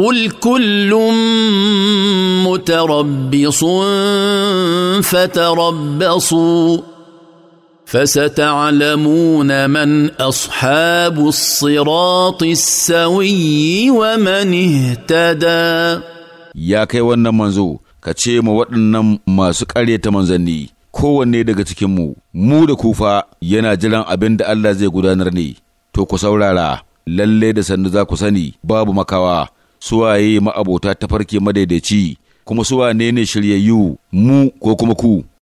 قل كل متربص فتربصوا فستعلمون من اصحاب الصراط السوي ومن اهتدى يا كي wannan manzo ka ce ma waɗannan masu ta manzanni kowanne daga cikinmu mu da kufa yana jiran abin da Allah zai gudanar ne to ku saurara lallai da sannu za ku sani babu makawa suwaye ma'abota ta farke madaidaici kuma su ne shiryayyu mu ko kuma ku